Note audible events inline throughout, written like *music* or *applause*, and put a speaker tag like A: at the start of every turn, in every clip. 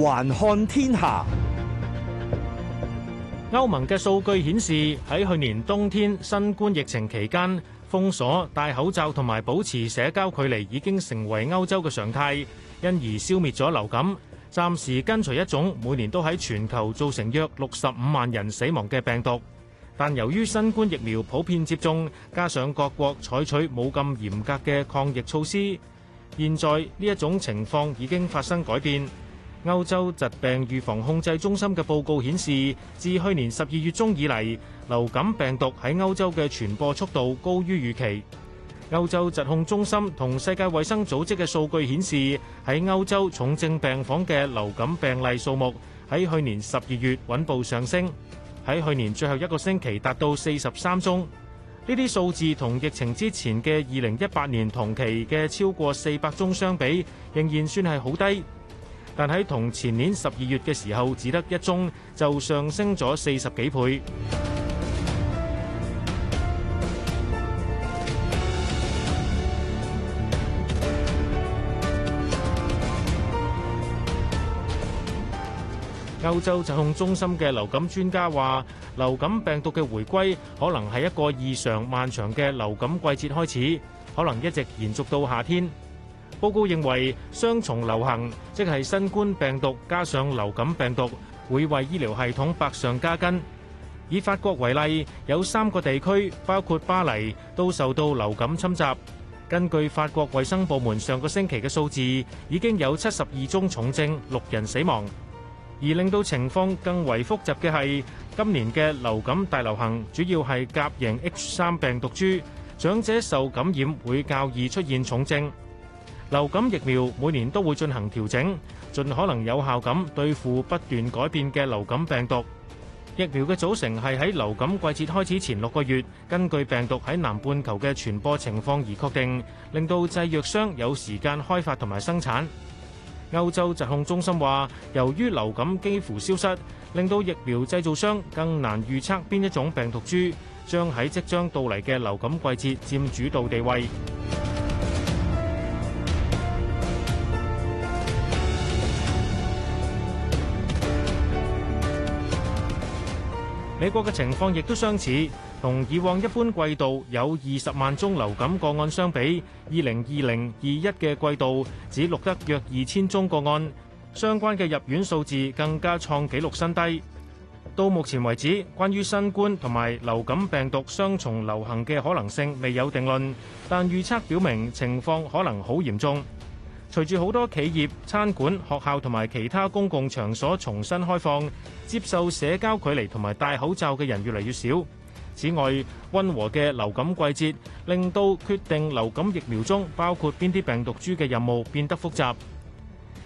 A: .環看天下，歐盟嘅數據顯示喺去年冬天新冠疫情期間，封鎖、戴口罩同埋保持社交距離已經成為歐洲嘅常態，因而消滅咗流感。暫時跟隨一種每年都喺全球造成約六十五萬人死亡嘅病毒。但由於新冠疫苗普遍接種，加上各國採取冇咁嚴格嘅抗疫措施，現在呢一種情況已經發生改變。歐洲疾病預防控制中心嘅報告顯示，自去年十二月中以嚟，流感病毒喺歐洲嘅傳播速度高於預期。歐洲疾控中心同世界衛生組織嘅數據顯示，喺歐洲重症病房嘅流感病例數目喺去年十二月穩步上升，喺去年最後一個星期達到四十三宗。呢啲數字同疫情之前嘅二零一八年同期嘅超過四百宗相比，仍然算係好低。但喺同前年十二月嘅時候，只得一宗，就上升咗四十幾倍。 *music* 歐洲疾控中心嘅流感專家話，流感病毒嘅回歸，可能係一個異常漫長嘅流感季節開始，可能一直延續到夏天。報告認為，雙重流行即係新冠病毒加上流感病毒，會為醫療系統百上加斤。以法國為例，有三個地區，包括巴黎，都受到流感侵襲。根據法國衛生部門上個星期嘅數字，已經有七十二宗重症，六人死亡。而令到情況更為複雜嘅係，今年嘅流感大流行主要係甲型 H3 病毒株，長者受感染會較易出現重症。流感疫苗每年都會進行調整，盡可能有效咁對付不斷改變嘅流感病毒。疫苗嘅組成係喺流感季節開始前六個月，根據病毒喺南半球嘅傳播情況而確定，令到製藥商有時間開發同埋生產。歐洲疾控中心話，由於流感幾乎消失，令到疫苗製造商更難預測邊一種病毒株將喺即將到嚟嘅流感季節佔主導地位。美國嘅情況亦都相似，同以往一般季度有二十萬宗流感個案相比，二零二零二一嘅季度只錄得約二千宗個案，相關嘅入院數字更加創紀錄新低。到目前為止，關於新冠同埋流感病毒雙重流行嘅可能性未有定論，但預測表明情況可能好嚴重。隨住好多企業、餐館、學校同埋其他公共場所重新開放，接受社交距離同埋戴口罩嘅人越嚟越少。此外，溫和嘅流感季節令到決定流感疫苗中包括邊啲病毒株嘅任務變得複雜。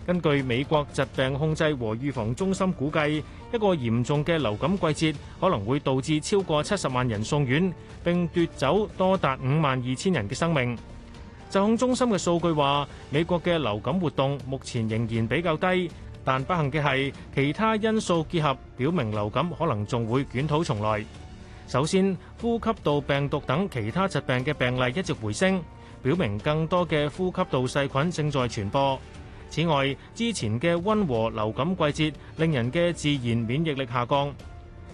A: 根據美國疾病控制和預防中心估計，一個嚴重嘅流感季節可能會導致超過七十萬人送院，並奪走多達五萬二千人嘅生命。疾控中心嘅數據話，美國嘅流感活動目前仍然比較低，但不幸嘅係其他因素結合表明流感可能仲會捲土重來。首先，呼吸道病毒等其他疾病嘅病例一直回升，表明更多嘅呼吸道細菌正在傳播。此外，之前嘅溫和流感季節令人嘅自然免疫力下降，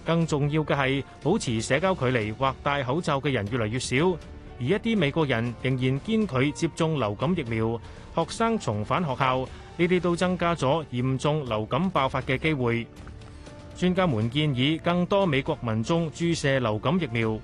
A: 更重要嘅係保持社交距離或戴口罩嘅人越嚟越少。而一啲美國人仍然堅拒接種流感疫苗，學生重返學校，呢啲都增加咗嚴重流感爆發嘅機會。專家們建議更多美國民眾注射流感疫苗。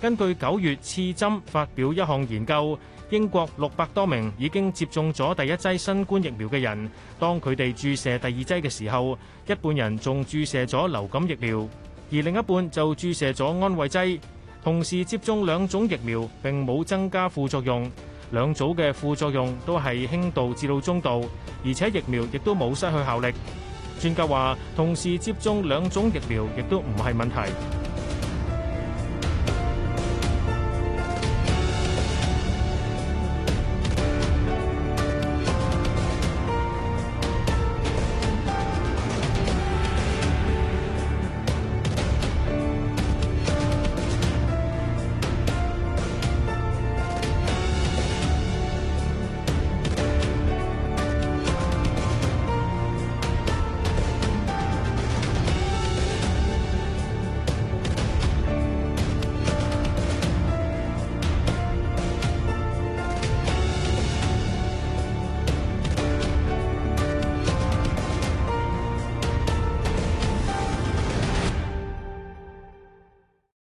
A: 根據九月刺針發表一項研究，英國六百多名已經接種咗第一劑新冠疫苗嘅人，當佢哋注射第二劑嘅時候，一半人仲注射咗流感疫苗，而另一半就注射咗安慰劑。同時接種兩種疫苗並冇增加副作用，兩組嘅副作用都係輕度至到中度，而且疫苗亦都冇失去效力。專家話，同時接種兩種疫苗亦都唔係問題。